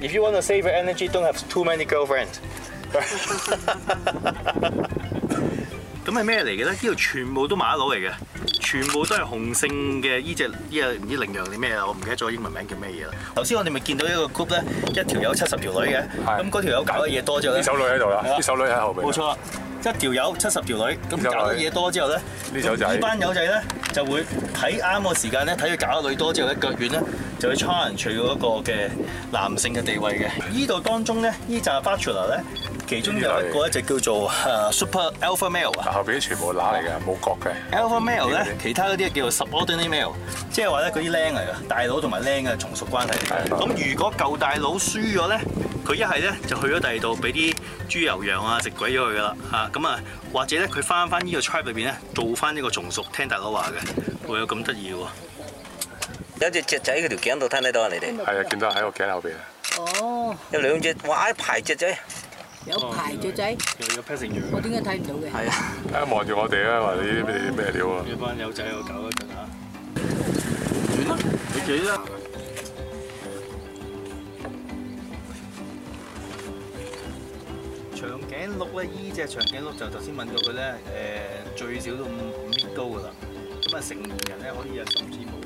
If you want to save your energy, don't have too many girlfriend. 咁係咩嚟嘅咧？呢 [NOISE] 度樂 [LAUGHS] 全部都馬騮嚟嘅，全部都係雄性嘅。呢隻依個唔知羚羊定咩啊？我唔記得咗英文名叫咩嘢啦。頭先我哋咪見到一個 group 咧，一條友七十條女嘅。咁嗰條友搞嘅嘢多咗咧。啲手女喺度啦，啲對手女喺後面。冇錯，一條友七十條女。咁搞嘅嘢多之後咧，呢班友仔咧就會睇啱個時間咧，睇佢搞嘅女多之後咧，腳軟咧。就會 challenge 嗰個嘅男性嘅地位嘅。依度當中咧，依隻 batrula 咧，其中有一個一隻叫做 super alpha male 面蠻蠻啊，後邊全部乸嚟嘅，冇角嘅。alpha male 咧，其他嗰啲叫做 subordinate male，即係話咧嗰啲僆嚟嘅大佬同埋僆嘅從屬關係。咁的如果舊大佬輸咗咧，佢一係咧就去咗第二度俾啲豬油羊啊食鬼咗佢㗎啦嚇。咁啊，或者咧佢翻返呢個 tribe 裏邊咧，做返呢個從屬，聽大佬話嘅，會有咁得意喎。有隻雀仔嗰條頸度睇唔睇到啊？你哋係啊，見到喺個頸後邊啊。哦。有兩隻，哇！一排雀仔。有排雀仔。有有 pair 成對。我點解睇唔到嘅？係啊。啊！望住我哋啊！話你啲咩料啊？你班友仔有狗啊？嚇！遠啦，你幾啦？長頸鹿咧，依隻長頸鹿就頭先問到佢咧，誒最少都五五米高噶啦。咁啊，成年人咧可以啊，甚至冇。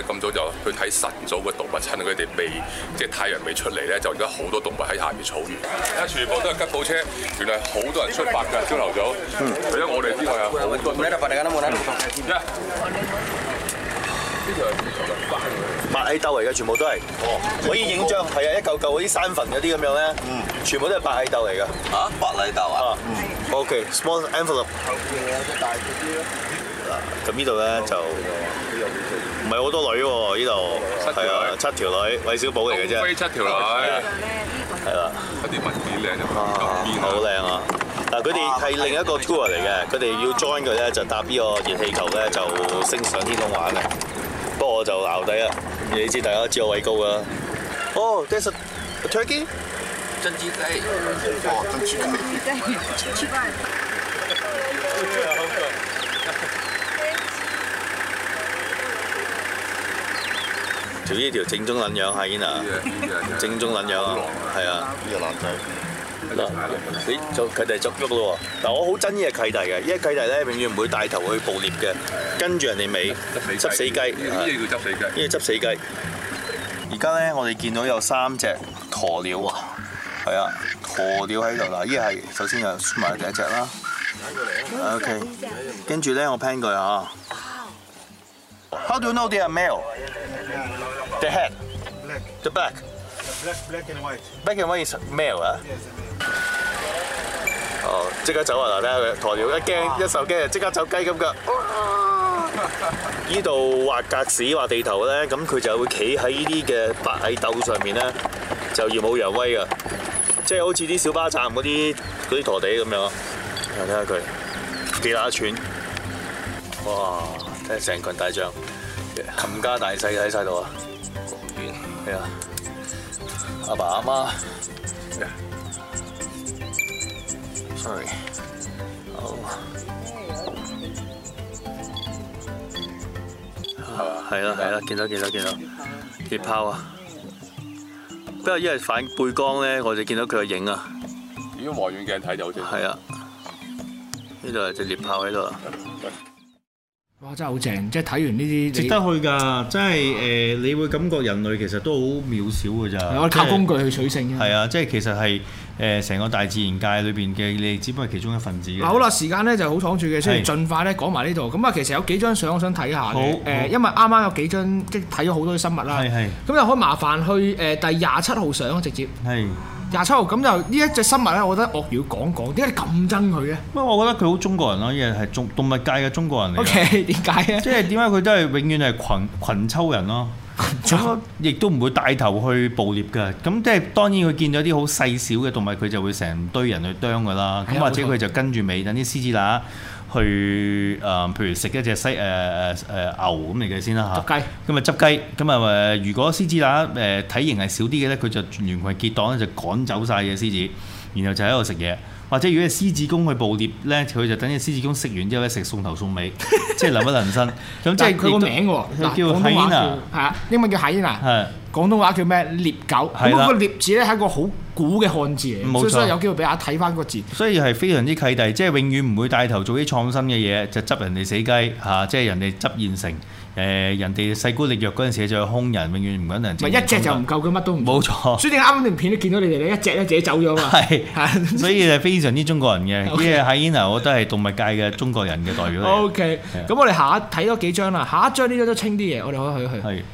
咁早就去睇晨早嘅動物，趁佢哋未即係太陽未出嚟咧，就而家好多動物喺下邊草原。啊、嗯！全部都係吉普車，原來好多人出發㗎。朝頭早，除咗我哋之外啊，冇咩特別嘅。冇睇。咩？白蟻竇嚟嘅，全部都係。哦。可以影張，係啊，一嚿嚿嗰啲山墳嗰啲咁樣咧。嗯。全部都係白蟻竇嚟㗎。嚇？白蟻竇啊？啊。O K。Small envelope。後邊有啲大啲啲咯。啊，咁呢度咧就。唔係好多女喎呢度，係啊七條女，韋小寶嚟嘅啫。七條女。係啦。有啲物件靚嘅嘛。好靚啊！嗱，佢哋係另一個 tour 嚟嘅，佢哋要 join 佢咧就搭呢個熱氣球咧就升上天空玩啊！不過我就留低啊，你知大家知我畏高啊。哦，Turkey。真刺激。真呢條正宗撚樣哈爾娜，正宗撚樣，係啊！呢個男仔，你佢哋做足咯喎！嗱，我好憎呢個契弟嘅，呢個契弟咧永遠唔會帶頭去捕獵嘅，跟住人哋尾執死雞，呢啲叫執死雞，呢啲執死雞。而家咧，我哋見到有三隻鴕鳥啊，係啊，鴕鳥喺度呢，依係首先又買第一隻啦。OK 跟住咧我拼佢啊 How do you know they are male？The head, the back, black, black and white. Black and white 意思咩話？哦，即刻走啊！嗱，睇下佢，鴕鳥一驚一受驚，即刻走雞咁噶。呢度畫格子、畫地頭咧，咁佢就會企喺呢啲嘅白蟻竇上面咧，就耀武揚威噶。即係好似啲小巴站嗰啲啲陀地咁樣。啊，睇下佢幾大一串。哇！睇下成群大象，冚家大細喺曬度啊！係啊，阿爸阿媽，Sorry，係啊係啦，見對到見到見到，獵豹啊！不過泡因為反背光咧，我就見到佢個影啊。如果望遠鏡睇就好似係啊，呢度係隻獵豹喺度。哇！真係好正，即係睇完呢啲值得去㗎。真係誒，你會感覺人類其實都好渺小㗎咋。靠工具去取勝。係啊，即係其實係誒，成個大自然界裏邊嘅，你只不過其中一份子。嗱，好啦，時間咧就好倉促嘅，所以盡快咧講埋呢度。咁啊，其實有幾張相我想睇下嘅。因為啱啱有幾張即係睇咗好多生物啦。係係。咁又可麻煩去誒第廿七號相啊，直接。係。廿七號咁就呢一隻生物咧，我覺得鱷魚要講講，點解你咁憎佢嘅？乜、嗯、我覺得佢好中國人咯，因為係中動物界嘅中國人嚟。O K，點解啊？即係點解佢都係永遠係群羣抽人咯，咁亦都唔會帶頭去捕獵嘅。咁即係當然佢見到啲好細小嘅動物，佢就會成堆人去啄噶啦。咁、啊、或者佢就跟住尾等啲獅子乸，去誒、呃，譬如食一隻西誒誒誒牛咁嚟計先啦嚇，咁啊執雞，咁啊誒，如果獅子乸誒、呃、體型係少啲嘅咧，佢就聯群結黨咧就趕走晒嘅獅子，然後就喺度食嘢。或者如果係獅子公去捕獵咧，佢就等隻獅子公食完之後咧，食餸頭餸尾，即係留一攢身。咁 [LAUGHS] 即係佢個名喎，叫海因啊，英文叫海因啊，廣東話叫咩？獵狗。咁的個獵字咧係一個好古嘅漢字嚟，冇錯，所以有機會俾我睇返個字。所以係非常之契弟，即、就、係、是、永遠唔會帶頭做啲創新嘅嘢，就執人哋死雞嚇，即、啊、係、就是、人哋執現成。誒，人哋勢孤力弱嗰陣時就係兇人，永遠唔揾人。咪一隻就唔夠嘅，乜都唔冇錯。所以啱啱條片都見到你哋咧，一隻一隻走咗嘛。係是， [LAUGHS] 所以係非常之中國人嘅。啲喺 ina，我都係動物界嘅中國人嘅代表 OK，咁我哋下一睇多幾張啦。下一張呢張都清啲嘢，我哋去去去。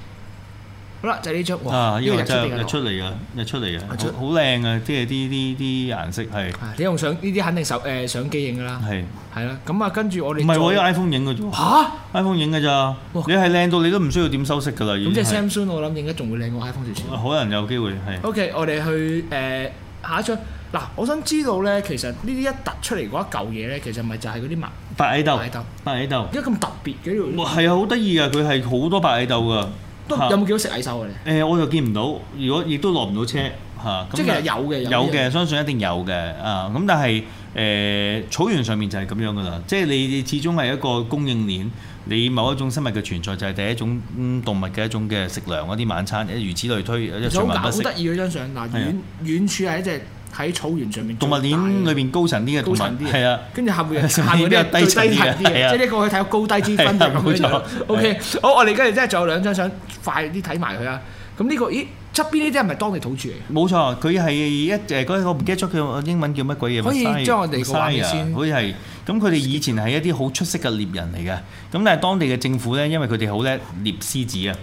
好啦，就呢出哇，呢個就日出嚟嘅，日出嚟嘅，好靚啊，即係啲啲啲顏色係。你用相呢啲肯定手誒相機影㗎啦。係係啦，咁啊跟住我哋。唔係我用 iPhone 影嘅啫。嚇！iPhone 影嘅咋？你係靚到你都唔需要點修飾㗎啦。咁即係 Samsung，我諗而家仲會靚過 iPhone 少少。可能有機會係。OK，我哋去誒下一張嗱，我想知道咧，其實呢啲一突出嚟嗰一嚿嘢咧，其實咪就係嗰啲白蟻豆。白蟻豆。白蟻豆而家咁特別嘅喎。係啊，好得意啊！佢係好多白蟻豆㗎。都有冇見到食蟻獸嘅？誒、啊呃，我就見唔到，如果亦都落唔到車嚇。嗯啊、即係有嘅，有嘅，相信一定有嘅啊！咁但係誒、呃，草原上面就係咁樣㗎啦。即係你你始終係一個供應鏈，你某一種生物嘅存在就係第一種動物嘅一種嘅食糧嗰啲晚餐，如此類推，好得意嗰張相，嗱遠是的 遠處係一隻。喺草原上面，動物鏈裏邊高層啲嘅動物，係啊，跟住客戶，客戶啲就低層啲嘅，即係呢個可以睇到高低之分。冇錯，OK，好，我哋今日真係仲有兩張相，快啲睇埋佢啊！咁呢個，咦，側邊呢啲係咪當地土著嚟？冇錯，佢係一誒我唔記得咗叫英文叫乜鬼嘢？可以將我哋嘅畫面先，好似係咁，佢哋以前係一啲好出色嘅獵人嚟嘅。咁但係當地嘅政府咧，因為佢哋好叻獵獅子啊。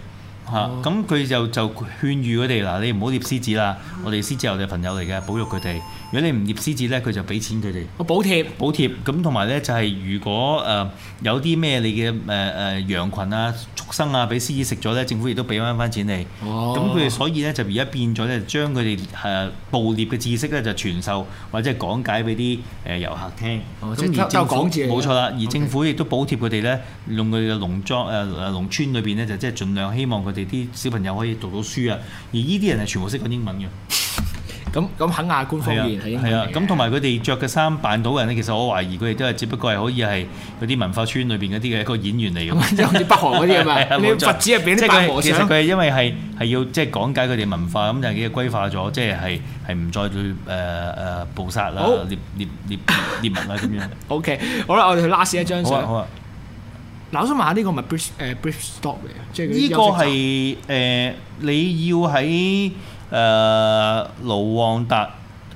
嚇！咁佢就就勸喻佢哋嗱，你唔好捏獅子啦，我哋獅子係我哋朋友嚟嘅，保育佢哋。如果你唔獵獅子咧，佢就俾錢佢哋。我補貼。補貼，咁同埋咧就係如果誒有啲咩你嘅誒誒羊群啊畜生啊俾獅子食咗咧，政府亦都俾翻翻錢你。哦。咁佢哋所以咧就而家變咗咧，將佢哋誒捕獵嘅知識咧就傳授或者係講解俾啲誒遊客聽。哦，即係教講字。冇錯啦，而政府亦都補貼佢哋咧，用佢哋嘅農莊誒誒農村裏邊咧就即係盡量希望佢哋啲小朋友可以讀到書啊。而呢啲人係全部識講英文嘅。咁咁肯亞官方邊係已經係咁，同埋佢哋着嘅衫扮到嘅人咧，其實我懷疑佢哋都係只不過係可以係嗰啲文化村裏邊嗰啲嘅一個演員嚟。咁啊，好似北韓嗰啲啊嘛，你佛寺入邊即係佢佢因為係係要即係講解佢哋文化，咁就已經規化咗，即係係係唔再去誒誒捕殺啦、獵獵獵物啦咁樣。OK，好啦，我哋去 last 一張相。好嗱，我想問下呢個咪 bridge 誒 bridge stop 嚟即係呢個係誒你要喺。誒、呃、盧旺達誒、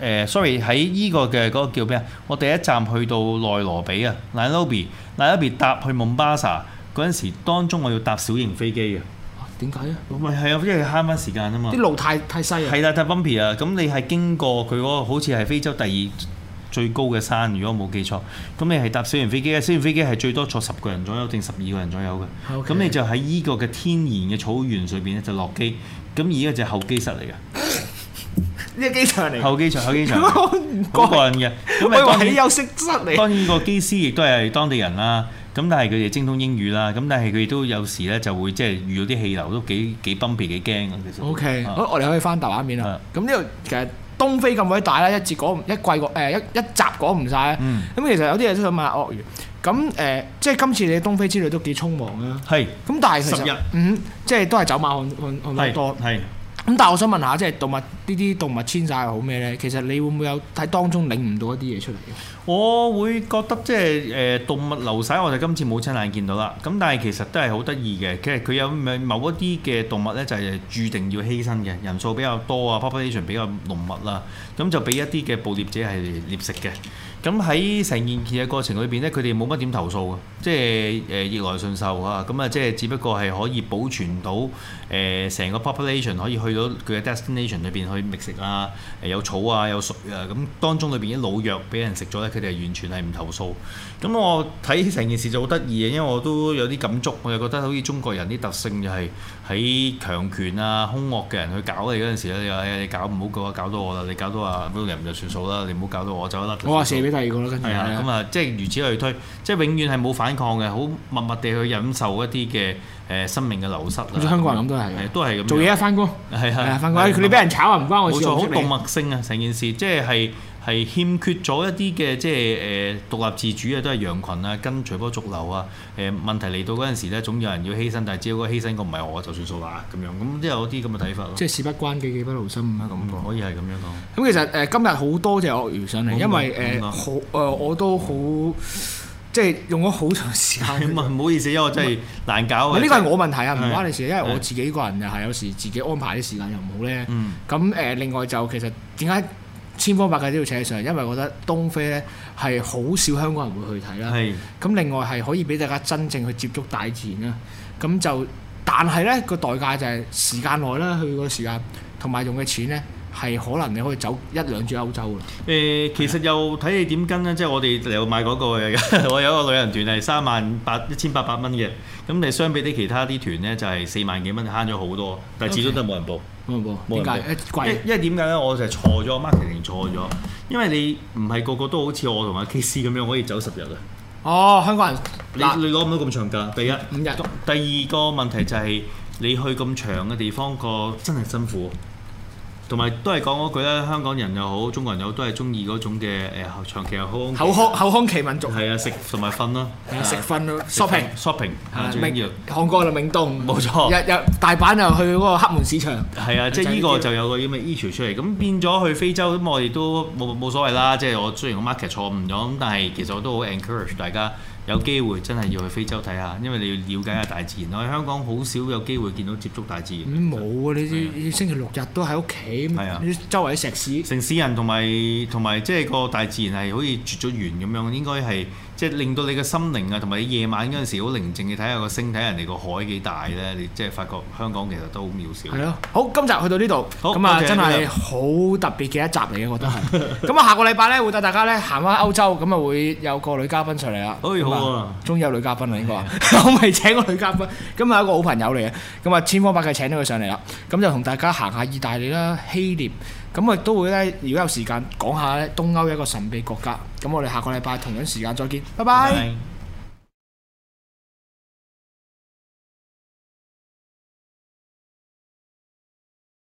呃、，sorry 喺呢個嘅嗰個叫咩啊？我第一站去到內羅比啊，Nairobi 內羅比內羅比搭去蒙巴薩嗰陣時，當中我要搭小型飛機啊，點解啊？咁咪係啊，因為慳翻時間啊嘛。啲路太太細啊。係啦，太 bumpy 啊！咁你係經過佢嗰、嗰個好似係非洲第二。最高嘅山，如果我冇記錯，咁你係搭小型飛機咧，小型飛機係最多坐十個人左右定十二個人左右嘅。咁你就喺依個嘅天然嘅草原上面咧，就落機。咁而家個就候機室嚟嘅，呢個機場嚟。候機場，候機場，好過癮嘅。當然個機師亦都係當地人啦。咁但係佢哋精通英語啦。咁但係佢哋都有時咧就會即係遇到啲氣流都幾幾崩皮幾驚嘅。其實。O K，我哋可以翻大畫面啦。咁呢度其實。東非咁鬼大啦，一節講一季個一一集講唔晒啦。咁、嗯、其實有啲嘢都想問下鱷魚，咁誒、呃、即係今次你東非之旅都幾匆忙啊，係是，咁但係其實十日 嗯，即係都係走馬看看看多。咁但係我想問下，即係動物呢啲動物遷徙好咩呢？其實你會唔會有睇當中領悟到一啲嘢出嚟？我會覺得即係誒動物流徙，我哋今次冇親眼見到啦。咁但係其實都係好得意嘅。其實佢有某一啲嘅動物呢，就係注定要犧牲嘅，人數比較多啊，population 比較濃密啦，咁就俾一啲嘅捕獵者係獵食嘅。咁喺成件嘅過程裏邊咧，佢哋冇乜點投訴嘅，即係誒逆來順受啊！咁啊，即係只不過係可以保存到誒成個 population 可以去到佢嘅 destination 裏邊去覓食啊，誒有草啊，有水啊，咁當中裏邊啲老藥俾人食咗咧，佢哋係完全係唔投訴。咁我睇成件事就好得意嘅，因為我都有啲感觸，我又覺得好似中國人啲特性就係喺強權啊、兇惡嘅人去搞你嗰陣時咧，你誒你搞唔好個，搞到我啦，你搞到阿 William 就算數啦，你唔好搞到我就得啦。我話射俾第二個啦，跟住。係啊，咁啊，即係如此類推，即係永遠係冇反抗嘅，好默默地去忍受一啲嘅誒生命嘅流失啊。我哋香港人咁都係，都係咁做嘢啊，翻工。係啊，翻工。佢哋俾人炒啊，唔關我事。冇錯，好動物性啊，成件事即係。係欠缺咗一啲嘅，即係誒獨立自主啊，都係羊群啊，跟隨波逐流啊。誒問題嚟到嗰陣時咧，總有人要犧牲，但係只要個犧牲個唔係我就算數啦。咁樣咁都有啲咁嘅睇法咯。即係事不關己，己不勞心啊。咁講可以係咁樣講。咁其實誒今日好多謝鱷魚上嚟，因為誒好誒我都好，即係用咗好長時間。唔好意思，因為我真係難搞啊。呢個係我問題啊，唔關你事，因為我自己個人又係有時自己安排啲時間又唔好咧。咁誒，另外就其實點解？千方百計都要扯上，因為我覺得東非咧係好少香港人會去睇啦。咁是的 另外係可以俾大家真正去接觸大自然啦。咁就但係咧，個代價就係時間耐啦，去個時間同埋用嘅錢咧係可能你可以走一兩轉歐洲㗎。誒，其實又睇你點跟啦，即係是的 我哋又買嗰、那個，我有一個旅行團係三萬八一千八百蚊嘅，咁你相比啲其他啲團咧就係四萬幾蚊，慳咗好多，但係始終都係冇人報。點解貴？為因為點解咧？我就係錯咗，marketing 錯咗。因為你唔係個個都好似我同阿 KC 咁樣，可以走十日嘅。哦，香港人，你、啊、你攞唔到咁長假。第一五日，第二個問題就係、是、你去咁長嘅地方，個真係辛苦。同埋都係講嗰句咧，香港人又好，中國人又好，都係中意嗰種嘅誒、呃，長期又好。口腔口腔期民族係啊，食同埋瞓咯。食瞓咯。Shopping shopping 啊 Shopping，係啊，最重要。韓國就明洞冇錯，日日大阪又去嗰個黑門市場。係啊、嗯，即係呢個就有個咁嘅 issue 出嚟。咁變咗去非洲咁，我哋都冇冇所謂啦。即係我雖然個 market 錯誤咗，咁但係其實我都好 encourage 大家。有機會真係要去非洲睇下，因為你要了解下大自然。我喺香港好少有機會見到接觸大自然。冇、嗯、啊！你啊星期六日都喺屋企，啲、啊、周圍啲石屎城市，城市人同埋同埋即係個大自然係好似絕咗緣咁樣，應該係。即係令到你嘅心靈啊，同埋你夜晚嗰陣時好寧靜看看，嘅睇下個星，睇下人哋個海幾大咧，你即係發覺香港其實都好渺小。係咯，好，今集去到呢度，咁啊真係好特別嘅一集嚟嘅，我覺得係。咁啊、 [LAUGHS] 嗯，下個禮拜咧會帶大家咧行翻歐洲，咁啊會有個女嘉賓上嚟啦。可以好啊，終於有女嘉賓啦， [LAUGHS] 應該啊，是的 [LAUGHS] 我咪請個女嘉賓，咁啊一個好朋友嚟嘅，咁啊千方百計請咗佢上嚟啦，咁就同大家行下意大利啦，希臘。咁我亦都會咧，如果有時間講下咧東歐一個神秘國家。咁我哋下個禮拜同樣時間再見，拜拜。拜拜。